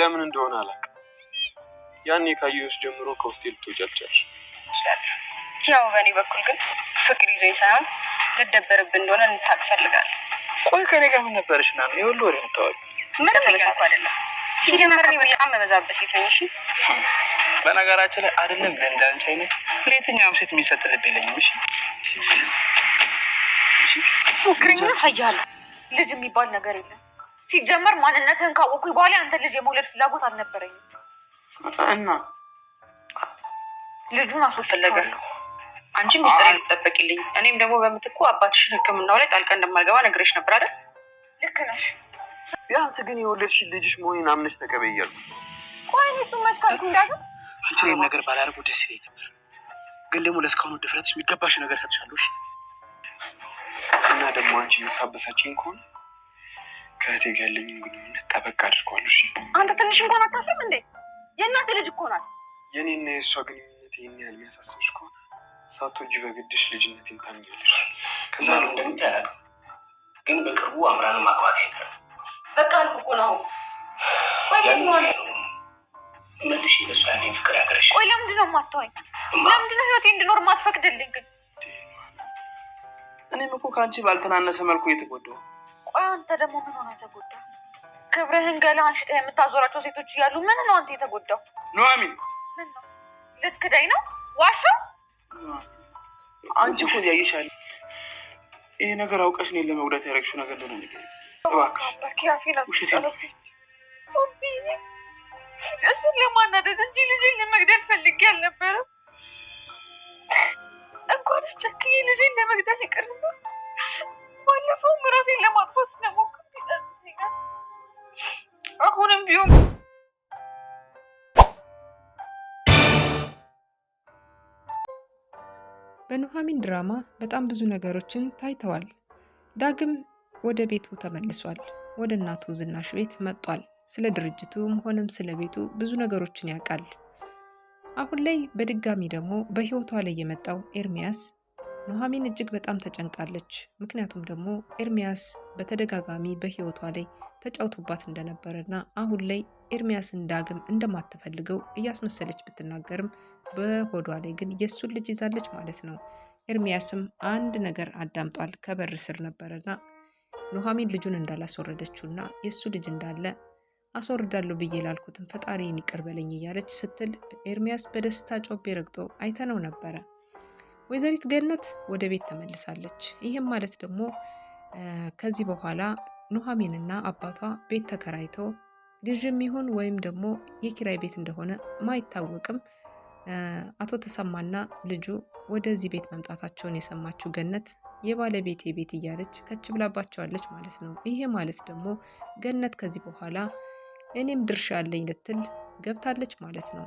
ለምን እንደሆነ አላውቅም። ያኔ ካየሁሽ ጀምሮ ከውስጤ ልትወጪ አልቻልሽ። ያው በእኔ በኩል ግን ፍቅር ይዞኝ ሳይሆን ልደበርብ እንደሆነ እንታቅ ፈልጋለሁ። ቆይ ከኔ ጋር ምን ነበረሽ? ና ነው የወሎ ወሬ ምታወቅ ምንም እያልኩ አይደለም። ሲጀመር እኔ በጣም መበዛበት ሴት ነኝ። እሺ በነገራችን ላይ አይደለም ለእንዳንቺ አይነት ለየትኛውም ሴት የሚሰጥ ልብ የለኝም። እሺ ሞክረኝ፣ አሳይሃለሁ። ልጅ የሚባል ነገር የለም። ሲጀመር ማንነትህን ካወኩኝ በኋላ አንተ ልጅ የመውለድ ፍላጎት አልነበረኝም። እና ልጁን አስፈለጋለሁ። አንቺ ሚስጥር ልጠበቅልኝ፣ እኔም ደግሞ በምትኩ አባትሽን ሕክምናው ላይ ጣልቃ እንደማልገባ ነግረሽ ነበር አይደል? ልክ ነሽ። ቢያንስ ግን የወለድሽ ልጅሽ መሆኔን አምነሽ ተቀበያሉ። ቆይ እሱ መስካልኩ እንዳሉ አንቺ ይህን ነገር ባላደርገው ደስ ይለኝ ነበር፣ ግን ደግሞ ለእስካሁኑ ድፍረትሽ የሚገባሽ ነገር ሰጥሻለሽ እና ደግሞ አንቺ የምታበሳችኝ ከሆነ ከእህቴ ጋር ያለኝን ግንኙነት ጠበቅ አድርገዋል። እሺ አንተ ትንሽ እንኳን አታፍም እንዴ? የእናት ልጅ እኮ ናት። የእኔና የእሷ ግንኙነት ይህን ያህል የሚያሳስብሽ ከሆነ ሳትወጂ በግድሽ ልጅነቴን ታምኛለሽ። ከዛ ነው እንደምት ያላት ግን በቅርቡ አምራን ማግባት አይቀርም። በቃ አልኩ እኮ ነው። መልሽ ለእሷ ያለኝ ፍቅር ያገረሽ። ቆይ ለምንድን ነው የማትተወኝ? ለምንድን ነው ህይወቴ እንድኖር ማትፈቅድልኝ? ግን እኔም እኮ ከአንቺ ባልተናነሰ መልኩ የተጎዳው ቆይ አንተ ደግሞ ምን ሆነ ተጎዳ? ክብርህን ገላ አንሽጠ የምታዞራቸው ሴቶች እያሉ ምን ነው አንተ የተጎዳው? ኑሐሚን ምን ነው ልትክዳኝ ነው? ዋሻ አንቺ እኮ እዚህ ያየሻል። ይሄ ነገር አውቀሽ ነው ለመጉዳት ያደረግሽው ነገር ነው ነው እሱን ለማናደድ እንጂ ልጄን ለመግደል ፈልጌ አልነበረም። እንኳንስ ቸክዬ ልጄን ለመግደል ይቅርና ባለፈው ራሴን ለማጥፋት ስለሞክር ይጸጽተኛል። አሁንም ቢሆን በኑሐሚን ድራማ በጣም ብዙ ነገሮችን ታይተዋል። ዳግም ወደ ቤቱ ተመልሷል። ወደ እናቱ ዝናሽ ቤት መጥቷል። ስለ ድርጅቱም ሆነም ስለ ቤቱ ብዙ ነገሮችን ያውቃል። አሁን ላይ በድጋሚ ደግሞ በህይወቷ ላይ የመጣው ኤርሚያስ ኑሐሚን እጅግ በጣም ተጨንቃለች። ምክንያቱም ደግሞ ኤርሚያስ በተደጋጋሚ በህይወቷ ላይ ተጫውቶባት እንደነበረና አሁን ላይ ኤርሚያስን ዳግም እንደማትፈልገው እያስመሰለች ብትናገርም በሆዷ ላይ ግን የእሱን ልጅ ይዛለች ማለት ነው። ኤርሚያስም አንድ ነገር አዳምጧል ከበር ስር ነበረና ኑሐሚን ልጁን እንዳላስወረደችውና የእሱ ልጅ እንዳለ አስወርዳለሁ ብዬ ላልኩትን ፈጣሪን ይቅር በለኝ እያለች ስትል ኤርሚያስ በደስታ ጮቤ ረግጦ አይተነው ነበረ። ወይዘሪት ገነት ወደ ቤት ተመልሳለች። ይህም ማለት ደግሞ ከዚህ በኋላ ኑሐሚንና አባቷ ቤት ተከራይተው ግዥም ይሁን ወይም ደግሞ የኪራይ ቤት እንደሆነ ማይታወቅም አቶ ተሰማና ልጁ ወደዚህ ቤት መምጣታቸውን የሰማችው ገነት የባለቤቴ ቤት እያለች ከች ብላባቸዋለች ማለት ነው። ይሄ ማለት ደግሞ ገነት ከዚህ በኋላ እኔም ድርሻ አለኝ ልትል ገብታለች ማለት ነው።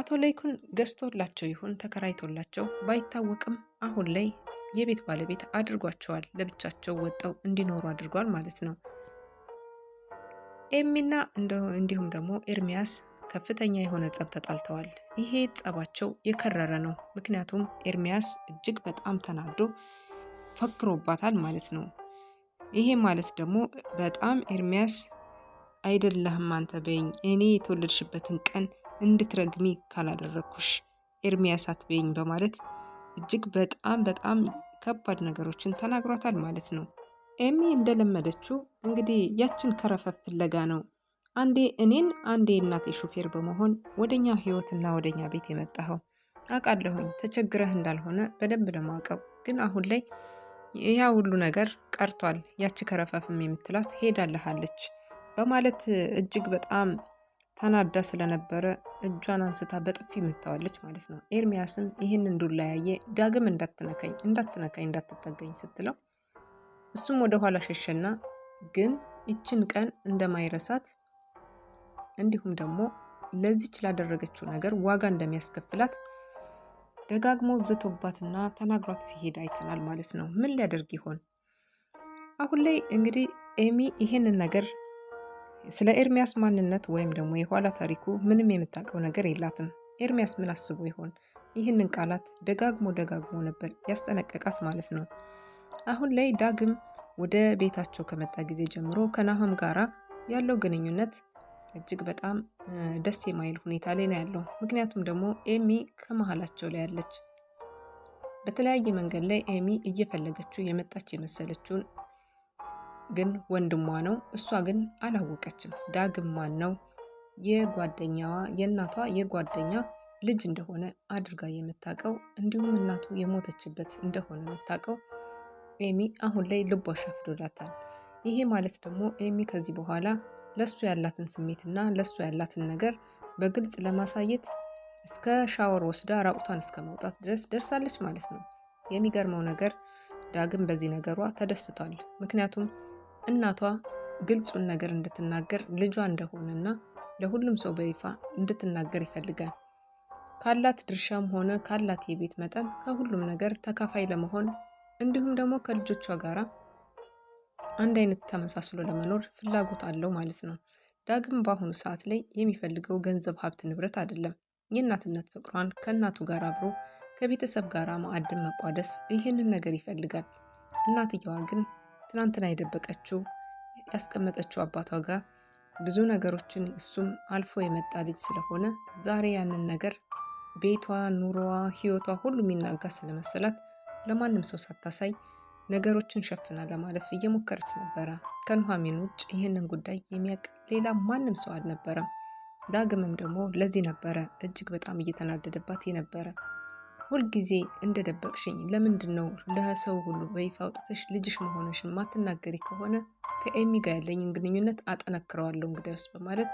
አቶ ለይኩን ገዝቶላቸው ይሁን ተከራይቶላቸው ባይታወቅም አሁን ላይ የቤት ባለቤት አድርጓቸዋል። ለብቻቸው ወጠው እንዲኖሩ አድርጓል ማለት ነው። ኤሚና እንዲሁም ደግሞ ኤርሚያስ ከፍተኛ የሆነ ጸብ ተጣልተዋል። ይሄ ጸባቸው የከረረ ነው። ምክንያቱም ኤርሚያስ እጅግ በጣም ተናዶ ፈክሮባታል ማለት ነው። ይሄ ማለት ደግሞ በጣም ኤርሚያስ አይደለህም አንተ በይኝ እኔ የተወለድሽበትን ቀን እንድትረግሚ ካላደረግኩሽ ኤርሚያስ አትበይኝ በማለት እጅግ በጣም በጣም ከባድ ነገሮችን ተናግሯታል ማለት ነው። ኤሚ እንደለመደችው እንግዲህ ያችን ከረፈት ፍለጋ ነው አንዴ እኔን አንዴ እናቴ ሹፌር በመሆን ወደኛ ህይወትና ወደኛ ቤት የመጣኸው አውቃለሁኝ። ተቸግረህ እንዳልሆነ በደንብ ለማውቀው ግን አሁን ላይ ያ ሁሉ ነገር ቀርቷል። ያቺ ከረፈፍም የምትላት ሄዳልሃለች በማለት እጅግ በጣም ተናዳ ስለነበረ እጇን አንስታ በጥፊ መታዋለች ማለት ነው። ኤርሚያስም ይህንን ዱላ ያየ ዳግም እንዳትነካኝ እንዳትነካኝ እንዳትጠጋኝ ስትለው እሱም ወደ ኋላ ሸሸና ግን ይችን ቀን እንደማይረሳት እንዲሁም ደግሞ ለዚች ላደረገችው ነገር ዋጋ እንደሚያስከፍላት ደጋግሞ ዝቶባትና ተናግሯት ሲሄድ አይተናል ማለት ነው። ምን ሊያደርግ ይሆን? አሁን ላይ እንግዲህ ኤሚ ይህንን ነገር ስለ ኤርሚያስ ማንነት ወይም ደግሞ የኋላ ታሪኩ ምንም የምታውቀው ነገር የላትም። ኤርሚያስ ምን አስቦ ይሆን? ይህንን ቃላት ደጋግሞ ደጋግሞ ነበር ያስጠነቀቃት ማለት ነው። አሁን ላይ ዳግም ወደ ቤታቸው ከመጣ ጊዜ ጀምሮ ከናሆም ጋራ ያለው ግንኙነት እጅግ በጣም ደስ የማይል ሁኔታ ላይ ነው ያለው። ምክንያቱም ደግሞ ኤሚ ከመሀላቸው ላይ ያለች በተለያየ መንገድ ላይ ኤሚ እየፈለገችው የመጣች የመሰለችውን ግን ወንድሟ ነው። እሷ ግን አላወቀችም። ዳግም ማን ነው የጓደኛዋ የእናቷ የጓደኛ ልጅ እንደሆነ አድርጋ የምታውቀው እንዲሁም እናቱ የሞተችበት እንደሆነ የምታውቀው ኤሚ አሁን ላይ ልቧ ሻፍዶዳታል። ይሄ ማለት ደግሞ ኤሚ ከዚህ በኋላ ለሱ ያላትን ስሜትና ለሱ ያላትን ነገር በግልጽ ለማሳየት እስከ ሻወር ወስዳ ራቁቷን እስከ መውጣት ድረስ ደርሳለች ማለት ነው። የሚገርመው ነገር ዳግም በዚህ ነገሯ ተደስቷል። ምክንያቱም እናቷ ግልጹን ነገር እንድትናገር ልጇ እንደሆነና ለሁሉም ሰው በይፋ እንድትናገር ይፈልጋል። ካላት ድርሻም ሆነ ካላት የቤት መጠን ከሁሉም ነገር ተካፋይ ለመሆን እንዲሁም ደግሞ ከልጆቿ ጋር አንድ አይነት ተመሳስሎ ለመኖር ፍላጎት አለው ማለት ነው። ዳግም በአሁኑ ሰዓት ላይ የሚፈልገው ገንዘብ፣ ሀብት፣ ንብረት አይደለም። የእናትነት ፍቅሯን ከእናቱ ጋር አብሮ ከቤተሰብ ጋር ማዕድን መቋደስ፣ ይህንን ነገር ይፈልጋል። እናትየዋ ግን ትናንትና የደበቀችው ያስቀመጠችው አባቷ ጋር ብዙ ነገሮችን እሱም አልፎ የመጣ ልጅ ስለሆነ ዛሬ ያንን ነገር ቤቷ፣ ኑሮዋ፣ ህይወቷ ሁሉ የሚናጋ ስለመሰላት ለማንም ሰው ሳታሳይ ነገሮችን ሸፍና ለማለፍ እየሞከረች ነበረ። ከኑሐሚን ውጭ ይህንን ጉዳይ የሚያውቅ ሌላ ማንም ሰው አልነበረም። ዳግምም ደግሞ ለዚህ ነበረ እጅግ በጣም እየተናደደባት የነበረ። ሁልጊዜ እንደደበቅሽኝ ለምንድን ነው ለሰው ሁሉ በይፋ አውጥተሽ ልጅሽ መሆንሽን ማትናገሪ ከሆነ ከኤሚ ጋር ያለኝን ግንኙነት አጠነክረዋለሁ እንግዲያውስ በማለት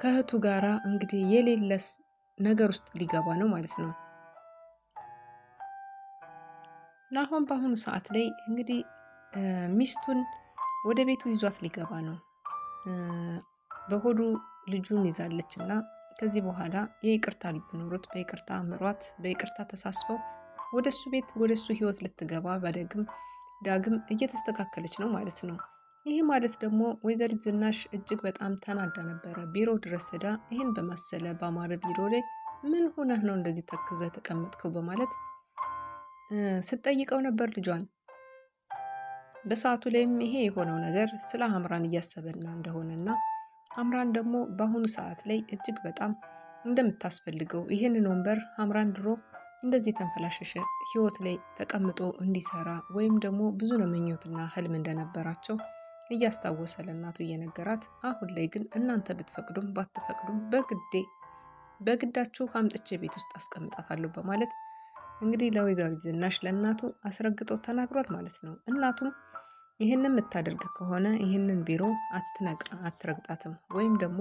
ከእህቱ ጋራ እንግዲህ የሌለስ ነገር ውስጥ ሊገባ ነው ማለት ነው። ናሆም በአሁኑ ሰዓት ላይ እንግዲህ ሚስቱን ወደ ቤቱ ይዟት ሊገባ ነው። በሆዱ ልጁን ይዛለች እና ከዚህ በኋላ የይቅርታ ልብ ኖሮት በይቅርታ አምሯት በይቅርታ ተሳስበው ወደ እሱ ቤት ወደ እሱ ህይወት ልትገባ በደግም ዳግም እየተስተካከለች ነው ማለት ነው። ይህ ማለት ደግሞ ወይዘሪት ዝናሽ እጅግ በጣም ተናዳ ነበረ። ቢሮ ድረስ ሄዳ ይህን በመሰለ በአማረ ቢሮ ላይ ምን ሆነህ ነው እንደዚህ ተክዘ ተቀመጥከው በማለት ስትጠይቀው ነበር ልጇን። በሰዓቱ ላይም ይሄ የሆነው ነገር ስለ አምራን እያሰበና እንደሆነና አምራን ደግሞ በአሁኑ ሰዓት ላይ እጅግ በጣም እንደምታስፈልገው ይህንን ወንበር አምራን ድሮ እንደዚህ ተንፈላሸሸ ህይወት ላይ ተቀምጦ እንዲሰራ ወይም ደግሞ ብዙ ነው ምኞትና ህልም እንደነበራቸው እያስታወሰ ለእናቱ እየነገራት፣ አሁን ላይ ግን እናንተ ብትፈቅዱም ባትፈቅዱም በግዴ በግዳችሁ አምጥቼ ቤት ውስጥ አስቀምጣታለሁ በማለት እንግዲህ ለወይዘሪት ዝናሽ ለእናቱ አስረግጦ ተናግሯል ማለት ነው። እናቱም ይህንን የምታደርግ ከሆነ ይህንን ቢሮ አትነቃ አትረግጣትም ወይም ደግሞ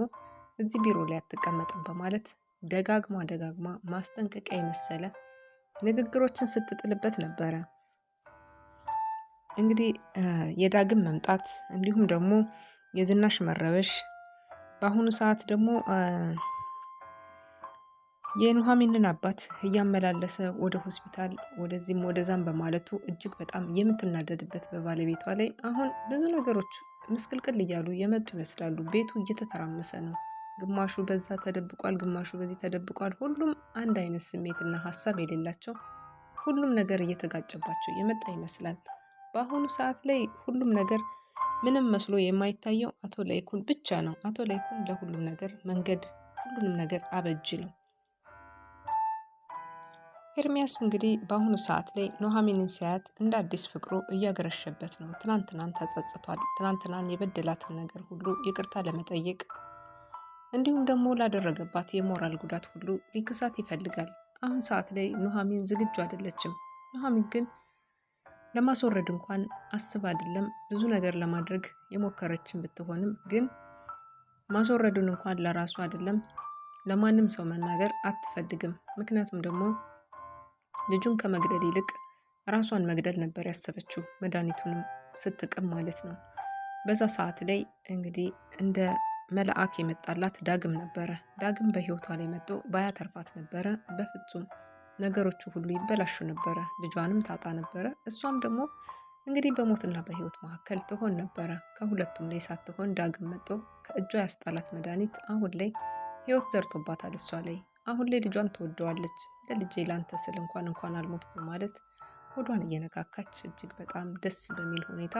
እዚህ ቢሮ ላይ አትቀመጥም በማለት ደጋግማ ደጋግማ ማስጠንቀቂያ የመሰለ ንግግሮችን ስትጥልበት ነበረ። እንግዲህ የዳግም መምጣት እንዲሁም ደግሞ የዝናሽ መረበሽ በአሁኑ ሰዓት ደግሞ የኑሐሚንን አባት እያመላለሰ ወደ ሆስፒታል ወደዚህም ወደዛም በማለቱ እጅግ በጣም የምትናደድበት በባለቤቷ ላይ አሁን ብዙ ነገሮች ምስቅልቅል እያሉ የመጡ ይመስላሉ። ቤቱ እየተተራመሰ ነው። ግማሹ በዛ ተደብቋል፣ ግማሹ በዚህ ተደብቋል። ሁሉም አንድ አይነት ስሜትና ሀሳብ የሌላቸው ሁሉም ነገር እየተጋጨባቸው የመጣ ይመስላል። በአሁኑ ሰዓት ላይ ሁሉም ነገር ምንም መስሎ የማይታየው አቶ ላይኩን ብቻ ነው። አቶ ላይኩን ለሁሉም ነገር መንገድ ሁሉንም ነገር አበጅ ነው። ኤርሚያስ እንግዲህ በአሁኑ ሰዓት ላይ ኑሐሚንን ሲያያት እንደ አዲስ ፍቅሩ እያገረሸበት ነው። ትናንትናን ተጸጽቷል። ትናንትናን የበደላትን ነገር ሁሉ ይቅርታ ለመጠየቅ እንዲሁም ደግሞ ላደረገባት የሞራል ጉዳት ሁሉ ሊክሳት ይፈልጋል። አሁን ሰዓት ላይ ኑሐሚን ዝግጁ አይደለችም። ኑሐሚን ግን ለማስወረድ እንኳን አስብ አይደለም ብዙ ነገር ለማድረግ የሞከረችን ብትሆንም ግን ማስወረዱን እንኳን ለራሱ አይደለም ለማንም ሰው መናገር አትፈልግም። ምክንያቱም ደግሞ ልጁን ከመግደል ይልቅ ራሷን መግደል ነበር ያሰበችው፣ መድኃኒቱንም ስትቅም ማለት ነው። በዛ ሰዓት ላይ እንግዲህ እንደ መልአክ የመጣላት ዳግም ነበረ። ዳግም በህይወቷ ላይ መጥቶ ባያተርፋት ነበረ በፍጹም ነገሮቹ ሁሉ ይበላሹ ነበረ። ልጇንም ታጣ ነበረ። እሷም ደግሞ እንግዲህ በሞትና በህይወት መካከል ትሆን ነበረ። ከሁለቱም ላይ ሳትሆን ዳግም መጥቶ ከእጇ ያስጣላት መድኃኒት አሁን ላይ ህይወት ዘርቶባታል እሷ ላይ አሁን ላይ ልጇን ትወደዋለች። ለልጄ ላንተ ስል እንኳን እንኳን አልሞትኩም ማለት ሆዷን እየነካካች እጅግ በጣም ደስ በሚል ሁኔታ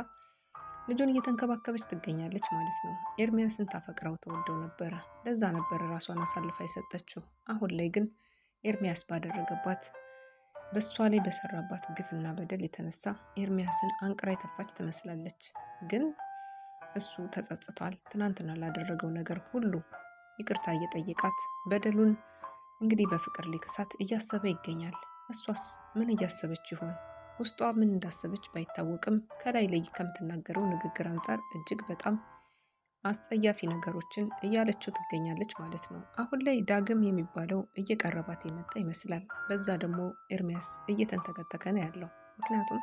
ልጁን እየተንከባከበች ትገኛለች ማለት ነው። ኤርሚያስን ታፈቅረው ተወደው ነበረ። ለዛ ነበረ ራሷን አሳልፋ የሰጠችው። አሁን ላይ ግን ኤርሚያስ ባደረገባት በእሷ ላይ በሰራባት ግፍና በደል የተነሳ ኤርሚያስን አንቅራ የተፋች ትመስላለች። ግን እሱ ተጸጽቷል። ትናንትና ላደረገው ነገር ሁሉ ይቅርታ እየጠየቃት በደሉን እንግዲህ በፍቅር ሊክሳት እያሰበ ይገኛል። እሷስ ምን እያሰበች ይሆን? ውስጧ ምን እንዳሰበች ባይታወቅም ከላይ ላይ ከምትናገረው ንግግር አንጻር እጅግ በጣም አስጸያፊ ነገሮችን እያለችው ትገኛለች ማለት ነው። አሁን ላይ ዳግም የሚባለው እየቀረባት የመጣ ይመስላል። በዛ ደግሞ ኤርሚያስ እየተንተከተከ ነው ያለው። ምክንያቱም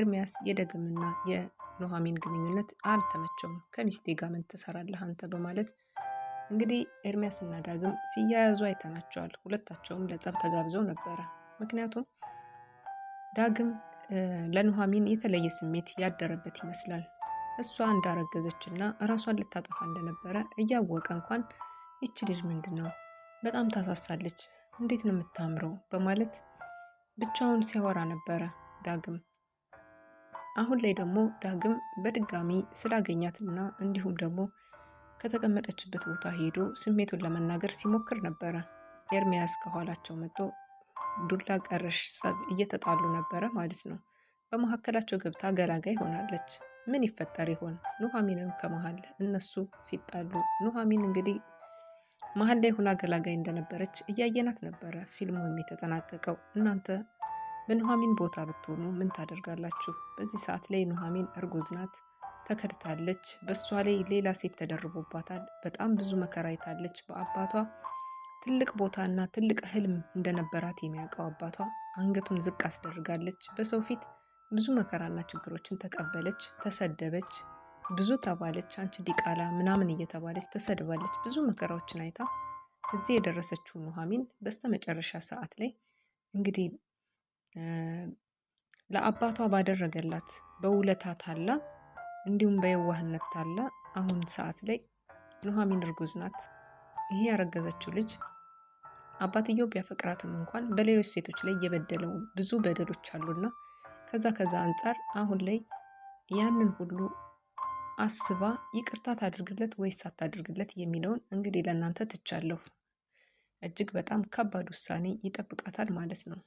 ኤርሚያስ የዳግምና የኑሐሚን ግንኙነት አልተመቸውም። ከሚስቴ ጋር ምን ትሰራለህ አንተ በማለት እንግዲህ ኤርሚያስና ዳግም ሲያያዙ አይተናቸዋል። ሁለታቸውም ለጸብ ተጋብዘው ነበረ። ምክንያቱም ዳግም ለኑሐሚን የተለየ ስሜት ያደረበት ይመስላል። እሷ እንዳረገዘች እና እራሷን ልታጠፋ እንደነበረ እያወቀ እንኳን ይቺ ልጅ ምንድን ነው በጣም ታሳሳለች፣ እንዴት ነው የምታምረው በማለት ብቻውን ሲያወራ ነበረ ዳግም። አሁን ላይ ደግሞ ዳግም በድጋሚ ስላገኛትና እንዲሁም ደግሞ ከተቀመጠችበት ቦታ ሄዶ ስሜቱን ለመናገር ሲሞክር ነበረ። ኤርሚያስ ከኋላቸው መጥቶ ዱላ ቀረሽ ጸብ እየተጣሉ ነበረ ማለት ነው። በመካከላቸው ገብታ ገላጋይ ሆናለች። ምን ይፈጠር ይሆን? ኑሐሚንን ከመሀል እነሱ ሲጣሉ ኑሐሚን እንግዲህ መሀል ላይ ሁና ገላጋይ እንደነበረች እያየናት ነበረ ፊልሙ የተጠናቀቀው። እናንተ በኑሐሚን ቦታ ብትሆኑ ምን ታደርጋላችሁ? በዚህ ሰዓት ላይ ኑሐሚን እርጉዝ ናት። ተከድታለች። በእሷ ላይ ሌላ ሴት ተደርቦባታል። በጣም ብዙ መከራ አይታለች። በአባቷ ትልቅ ቦታና ትልቅ ህልም እንደነበራት የሚያውቀው አባቷ አንገቱን ዝቅ አስደርጋለች። በሰው ፊት ብዙ መከራና ችግሮችን ተቀበለች። ተሰደበች፣ ብዙ ተባለች። አንቺ ዲቃላ ምናምን እየተባለች ተሰድባለች። ብዙ መከራዎችን አይታ እዚህ የደረሰችው ኑሐሚን በስተ መጨረሻ ሰዓት ላይ እንግዲህ ለአባቷ ባደረገላት በውለታ ታላ እንዲሁም በየዋህነት ታላ አሁን ሰዓት ላይ ኑሐሚን እርጉዝ ናት። ይሄ ያረገዘችው ልጅ አባትየው ቢያፈቅራትም እንኳን በሌሎች ሴቶች ላይ የበደለው ብዙ በደሎች አሉና ከዛ ከዛ አንጻር አሁን ላይ ያንን ሁሉ አስባ ይቅርታ ታድርግለት ወይስ አታድርግለት የሚለውን እንግዲህ ለእናንተ ትቻለሁ። እጅግ በጣም ከባድ ውሳኔ ይጠብቃታል ማለት ነው።